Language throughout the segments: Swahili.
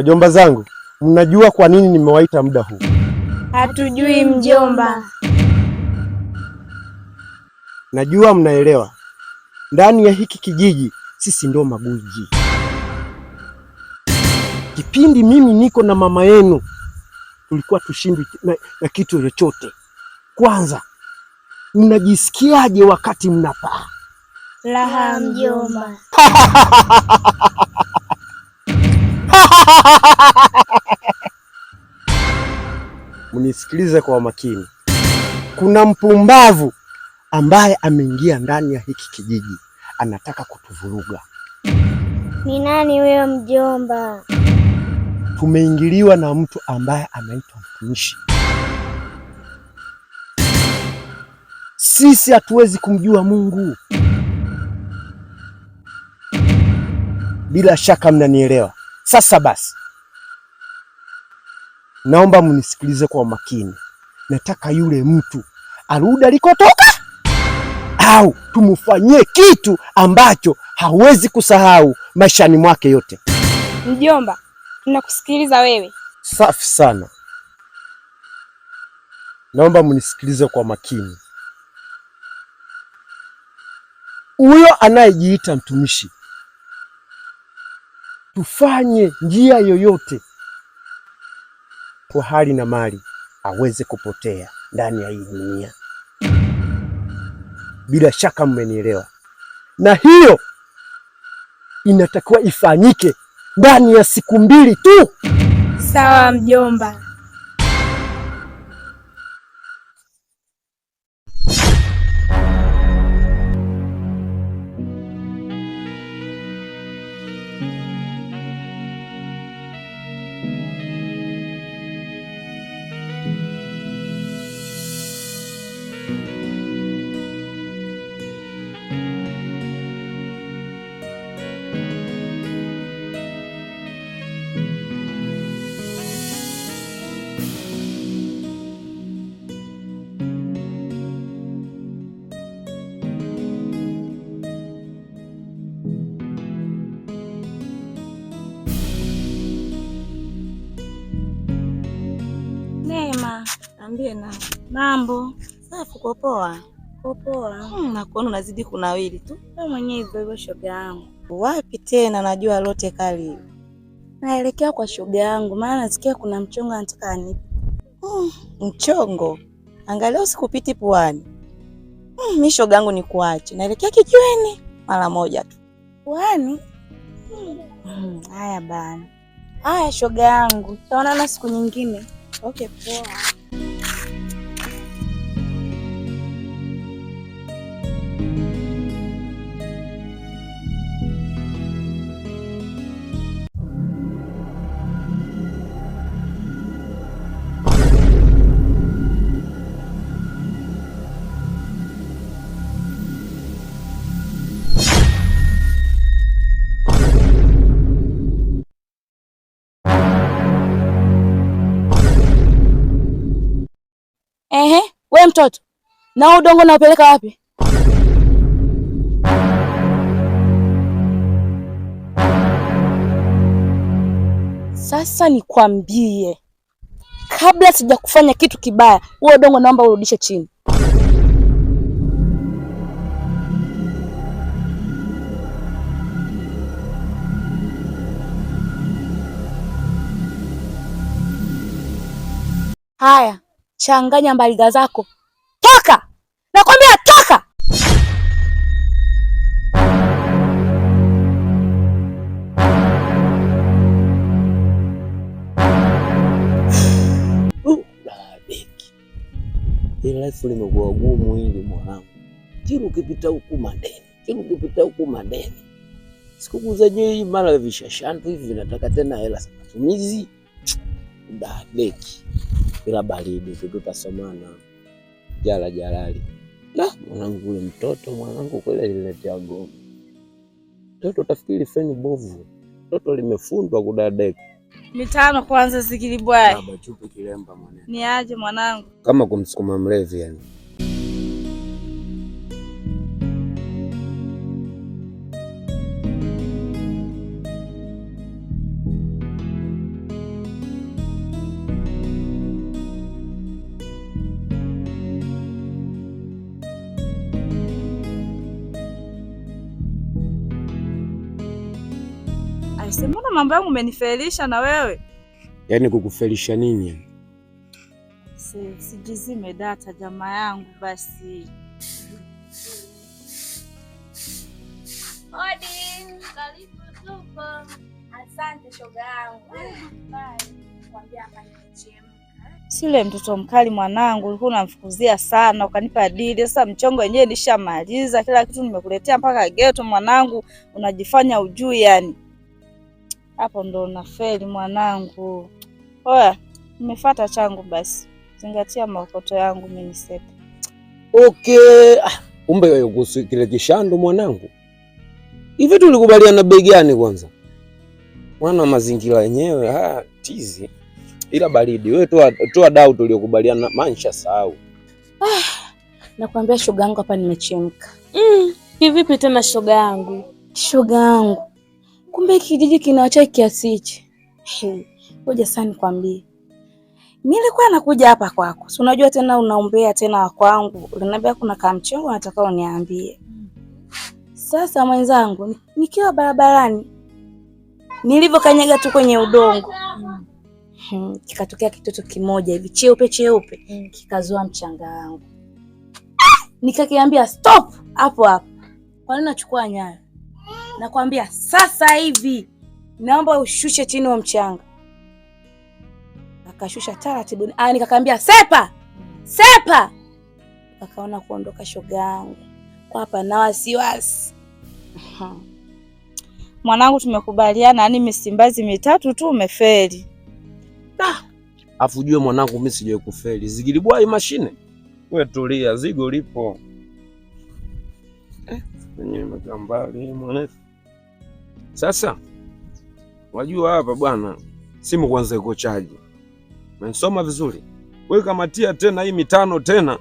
Wajomba zangu, mnajua kwa nini nimewaita muda huu? Hatujui mjomba. Najua mnaelewa, ndani ya hiki kijiji sisi ndo maguji. Kipindi mimi niko na mama yenu tulikuwa tushindwi na, na kitu chochote. Kwanza mnajisikiaje wakati mnapaa? Raha mjomba. Mnisikilize kwa makini. Kuna mpumbavu ambaye ameingia ndani ya hiki kijiji, anataka kutuvuruga. Ni nani wewe mjomba? Tumeingiliwa na mtu ambaye anaitwa mtumishi. Sisi hatuwezi kumjua Mungu. Bila shaka mnanielewa. Sasa basi, naomba mnisikilize kwa makini. Nataka yule mtu arudi alikotoka, au tumfanyie kitu ambacho hawezi kusahau maishani mwake yote. Mjomba, tunakusikiliza wewe. Safi sana, naomba mnisikilize kwa makini. Huyo anayejiita mtumishi tufanye njia yoyote kwa hali na mali aweze kupotea ndani ya hii dunia. Bila shaka mmenielewa, na hiyo inatakiwa ifanyike ndani ya siku mbili tu. Sawa mjomba. Ambie na mambo safi. Kopoa poa. Hmm, na nakuona unazidi kunawili tu wewe mwenyewe hivyo hivyo. Shoga yangu wapi tena? Najua lote kali, naelekea kwa shoga yangu, maana nasikia kuna mchongo anataka anipe. Hmm, mchongo? Angalia usikupiti puani. Hmm, mi shoga yangu ni kuache, naelekea kijiweni mara moja tu puani. Hmm. hmm, haya bana. Haya shoga yangu, tutaonana siku nyingine. Okay, poa. mtoto na udongo naupeleka wapi? Sasa nikwambie, kabla sija kufanya kitu kibaya, huo udongo naomba urudishe chini. Haya, changanya mbaliga zako Nakwambia toka. Life limekuwa gumu hili mwanangu, kila ukipita huku madeni, kila ukipita huku madeni. Siku hii mara vishashantu hivi vinataka tena hela za matumizi. Dadeki ila baridi tutasomana, jala jalali. La, mwanangu ule mtoto mwanangu kweli aliniletea gomvi. Mtoto utafikiri feni bovu, mtoto limefundwa kudadeka mitano kwanza sikilibwai. kilemba Niaje mwanangu, kama kumsukuma mlevi yani. basi. Mbona mambo yangu umenifelisha na wewe? Yaani kukufelisha nini? Sijizime data jamaa yangu basi. Odi, karibu tupo. Asante shoga yangu. Sile mtoto mkali mwanangu, ulikuwa unamfukuzia sana ukanipa dili. Sasa mchongo wenyewe nishamaliza, kila kitu nimekuletea mpaka geto mwanangu, unajifanya ujui yani hapo ndo unafeli mwanangu. Oya, nimefata changu basi, zingatia maokoto yangu minisepa. Okay, ah, kumbe wewe kile kishando mwanangu. Hivi tulikubaliana bei gani kwanza? Mwana mazingira yenyewe ah, tizi ila baridi. Wewe toa toa dau tuliokubaliana, mancha sahau. Ah, nakwambia shoga yangu hapa nimechemka. Mm, hivi vipi tena shoga yangu? Shoga yangu Kumbe kijiji kinawachai kiasi hichi. Ngoja sasa nikwambie. Mimi Nilikuwa nakuja hapa kwako. Si unajua tena unaombea tena kwangu. Unaniambia kuna kamchongo nataka uniambie. Sasa mwenzangu, nikiwa barabarani nilivyokanyaga tu kwenye udongo kikatokea kitoto kimoja hivi cheupe cheupe hmm, kikazoa mchanga wangu, nikakiambia stop hapo hapo, kwani nachukua nyayo Nakwambia sasa hivi, naomba ushushe chini wa mchanga. Akashusha taratibu, ah, nikakaambia sepa sepa, akaona kuondoka. Shoga yangu kwa hapa na wasiwasi mwanangu, tumekubaliana yani misimbazi mitatu tu umefeli. Ah! Afu jue mwanangu, mi sijawahi kufeli. Zigilibwai mashine, wetulia tulia, zigo lipo wenyewe imekaa mbali mwanetu. Sasa wajua hapa bwana, simu kwanza iko chaji, umesoma vizuri wewe, kamatia tena hii mitano tena,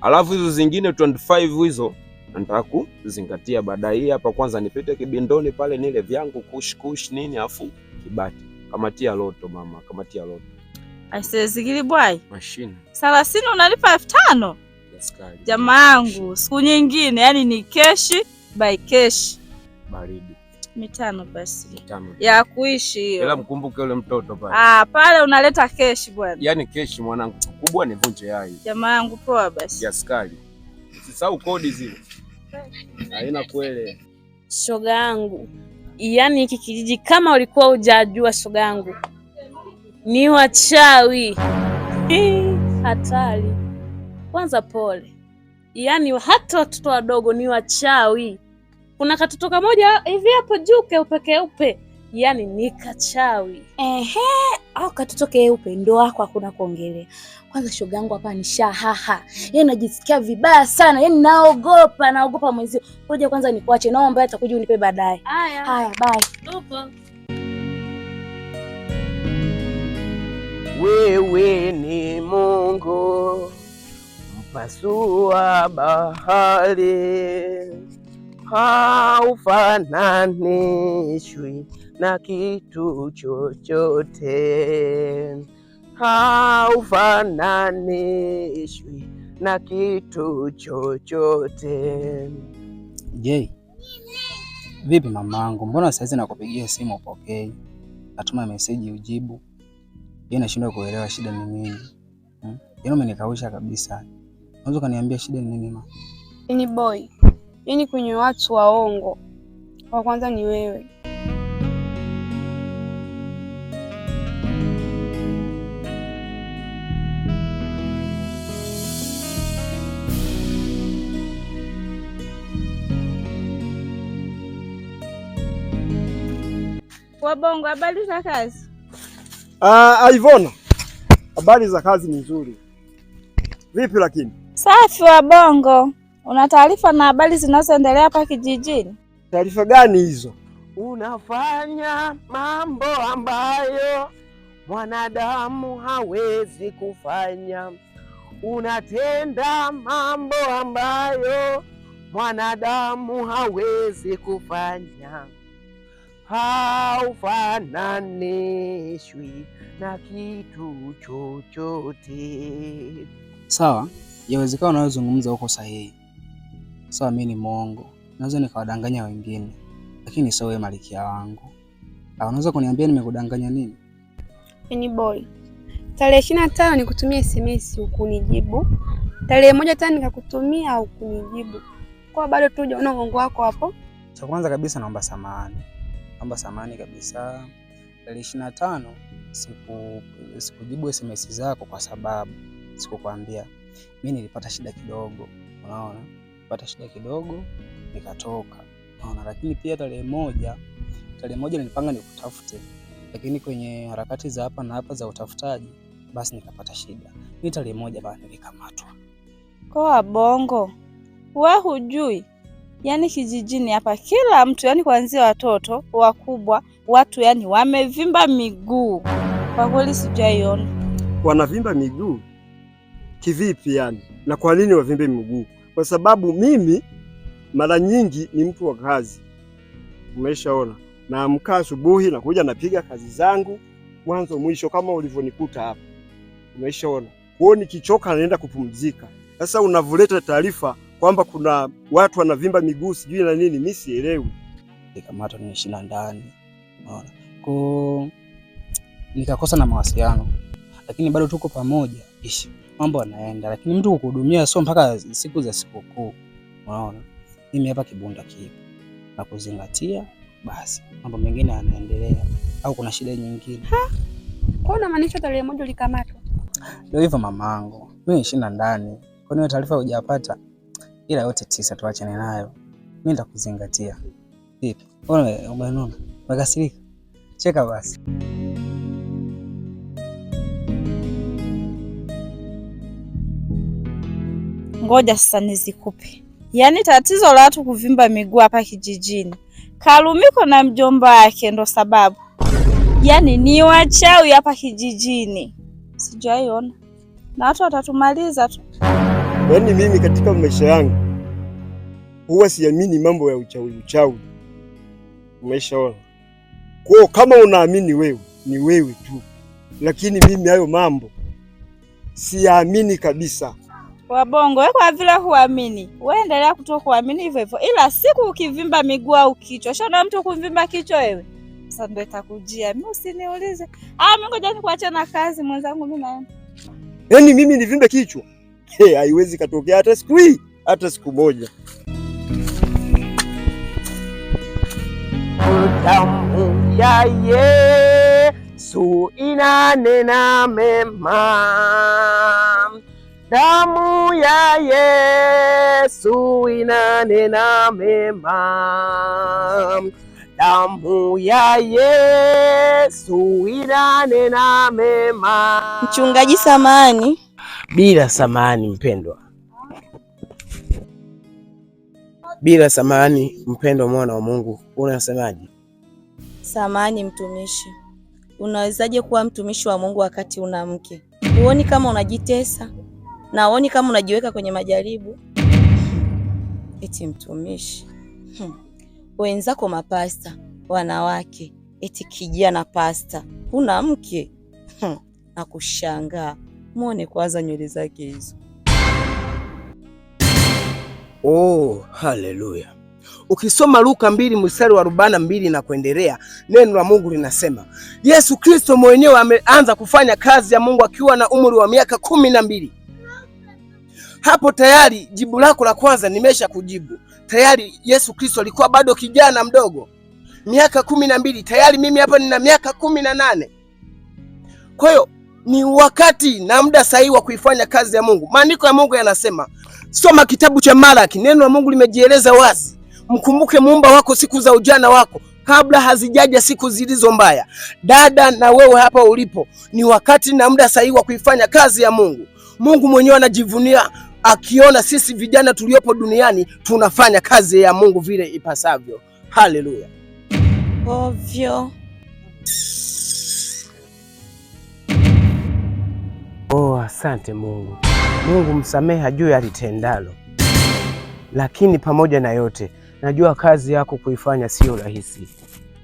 alafu hizo zingine 25 hizo nataka zingatia baadaye. Hii hapa kwanza nipite kibindoni pale nile vyangu kush kush nini, afu kibati kamatia loto mama, kamatia loto. Aisee, zigili bwai mashine 30 unalipa elfu tano. Jamaa yangu, siku nyingine, yani ni cash by cash. baridi mitano basi mitano ya kuishi hiyo, ila mkumbuke yule mtoto pale. Ah, pale unaleta cash bwana, yani cash mwanangu, kubwa ni vunje yai. Jamaa yangu, poa basi ya skali, usisahau kodi zile, haina kwele. Shoga yangu, yani hiki kijiji kama ulikuwa hujajua, shoga yangu, ni wachawi hatari kwanza pole, yaani hata watoto wadogo ni wachawi. Kuna katoto kamoja hivi hapo juu keupe keupe, yaani ni kachawi. Ehe, au katoto keupe ndo wako, hakuna kuongelea. Kwanza shoga yangu hapa ni shahaha, yaani najisikia vibaya sana, yaani naogopa, naogopa mwenzio. Ngoja kwanza nikuache, naomba atakuja unipe baadaye. Haya, haya, bye. Upo. Wewe ni Mungu pasua bahari haufananishwi na kitu chochote, haufananishwi na kitu chochote. Je, vipi mamangu? Mbona saizi nakupigia simu upokei, natuma meseji ujibu? Yeye nashindwa kuelewa shida ni nini? Hmm? Yaani umenikausha kabisa. Unaweza kaniambia shida ni nini mama? Ni boy. Yaani kwenye watu waongo. Wa kwanza ni wewe. Wabongo, habari za kazi? Ah, Ivona. Habari za kazi ni nzuri. Vipi lakini? Safi wa Bongo, una taarifa na habari zinazoendelea hapa kijijini? Taarifa gani hizo? Unafanya mambo ambayo mwanadamu hawezi kufanya, unatenda mambo ambayo mwanadamu hawezi kufanya, haufananishwi na kitu chochote. Sawa. Yawezekana unayozungumza huko sahihi. Sawa, mimi ni mwongo, naweza nikawadanganya wengine, lakini sio wewe, malikia wangu. Ah, unaweza kuniambia nimekudanganya nini? Yaani boy, tarehe ishirini na tano nikutumia SMS ukunijibu, tarehe moja tena nikakutumia ukunijibu, kwa bado tu hujaona uongo wako hapo. Cha kwanza kabisa naomba samahani, naomba samahani kabisa. Tarehe ishirini na tano sikujibu SMS zako kwa sababu sikukwambia mi nilipata shida kidogo, unaona, nilipata shida kidogo nikatoka, unaona. Lakini pia tarehe moja, tarehe moja nilipanga nikutafute, lakini kwenye harakati za hapa na hapa za utafutaji, basi nikapata shida. Ni tarehe moja basi nilikamatwa. Kwa bongo we hujui yani, kijijini hapa kila mtu yani, kuanzia watoto wakubwa, watu yani wamevimba miguu. Kwa kweli sijaiona wanavimba miguu kivipi yani, na kwa nini wavimbe miguu? Kwa sababu mimi mara nyingi ni mtu wa kazi, umeshaona, naamka asubuhi nakuja napiga kazi zangu mwanzo mwisho, kama ulivyonikuta hapa, umeshaona. Kwao nikichoka naenda kupumzika. Sasa unavuleta taarifa kwamba kuna watu wanavimba miguu sijui na nini, mimi sielewi. Nikamata nimeshinda ndani, unaona ko nikakosa na mawasiliano, lakini bado tuko pamoja ishi mambo yanaenda, lakini mtu kukuhudumia sio mpaka siku za sikukuu. Unaona, mimi hapa kibunda kipo na kuzingatia, basi mambo mengine yanaendelea, au kuna shida nyingine? Kwa nini maanisha tarehe moja ulikamatwa? Ndio hivyo mamangu, mimi nishinda ndani, kwa nini taarifa hujapata, ila yote tisa tuachane nayo, mimi nitakuzingatia. Vipi, umeona umekasirika? Cheka basi. ngoja sasa nizikupe. Yaani tatizo la watu kuvimba miguu hapa kijijini, Kalumiko na mjomba wake ndo sababu. Yaani ni wachawi hapa kijijini, sijaiona na watu watatumaliza tu. Yaani mimi katika maisha yangu huwa siamini mambo ya uchawi uchawi, umeshaona? Kwa kama unaamini wewe ni wewe tu, lakini mimi hayo mambo siyaamini kabisa. Wabongo we kwa vile huamini, we endelea kuto kuamini hivyo hivyo, ila siku ukivimba miguu au kichwa, shona mtu kuvimba kichwa wewe sasa ndo itakujia. Mi usiniulize ah, mi ngoja nikuache na kazi mwenzangu, mi naenda. Yani mimi nivimbe kichwa haiwezi katokea hata siku hii hata siku moja. Damu ya Yesu inanena mema Damu ya Yesu inanena mema, damu ya Yesu inanena mema. Mchungaji, samani bila samani, mpendwa bila samani, mpendwa mwana wa Mungu, unasemaje? Samani mtumishi, unawezaje kuwa mtumishi wa Mungu wakati una mke? Huoni kama unajitesa? naoni kama unajiweka kwenye majaribu eti mtumishi hmm. Wenzako mapasta wanawake eti kijana pasta, huna mke hmm. Na kushangaa mwone kwanza nywele zake hizo. Oh, haleluya! Ukisoma Luka mbili mstari wa arobaini na mbili na kuendelea, neno la Mungu linasema Yesu Kristo mwenyewe ameanza kufanya kazi ya Mungu akiwa na umri wa miaka kumi na mbili hapo tayari jibu lako la kwanza nimesha kujibu tayari. Yesu Kristo alikuwa bado kijana mdogo, miaka kumi na mbili. Tayari mimi hapa nina miaka kumi na nane. Kwa hiyo ni wakati na muda sahihi wa kuifanya kazi ya Mungu. Maandiko ya Mungu yanasema, soma kitabu cha Malaki, neno la Mungu limejieleza wazi. Mkumbuke muumba wako siku za ujana wako kabla hazijaja siku zilizo mbaya. Dada na wewe hapa ulipo, ni wakati na muda sahihi wa kuifanya kazi ya Mungu. Mungu mwenyewe anajivunia akiona sisi vijana tuliopo duniani tunafanya kazi ya Mungu vile ipasavyo. Haleluya. Ovyo. Oh, asante Mungu. Mungu msameha juu ya litendalo, lakini pamoja na yote najua kazi yako kuifanya siyo rahisi.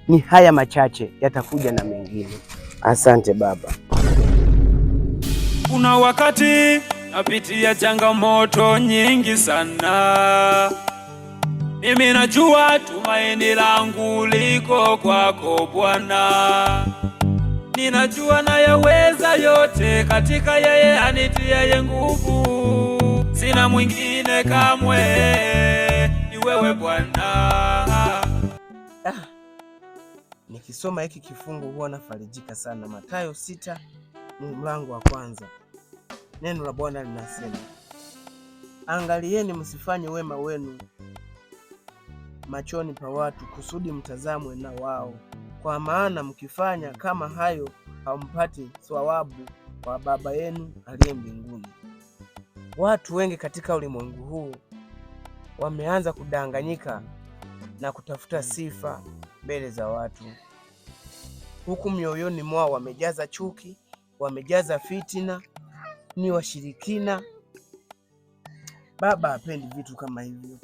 Ni haya machache yatakuja na mengine. Asante Baba. Kuna wakati napitia changamoto nyingi sana. Mimi najua tumaini langu liko kwako Bwana, ninajua nayaweza yote katika yeye anitiaye nguvu. Sina mwingine kamwe, ni wewe Bwana. Ah. nikisoma hiki kifungu huwa nafarijika sana. Mathayo sita mlango wa kwanza. Neno la Bwana linasema, angalieni msifanye wema wenu machoni pa watu, kusudi mtazamwe na wao, kwa maana mkifanya kama hayo hampati thawabu kwa Baba yenu aliye mbinguni. Watu wengi katika ulimwengu huu wameanza kudanganyika na kutafuta sifa mbele za watu, huku mioyoni mwao wamejaza chuki, wamejaza fitina ni washirikina. Baba hapendi vitu kama hivyo.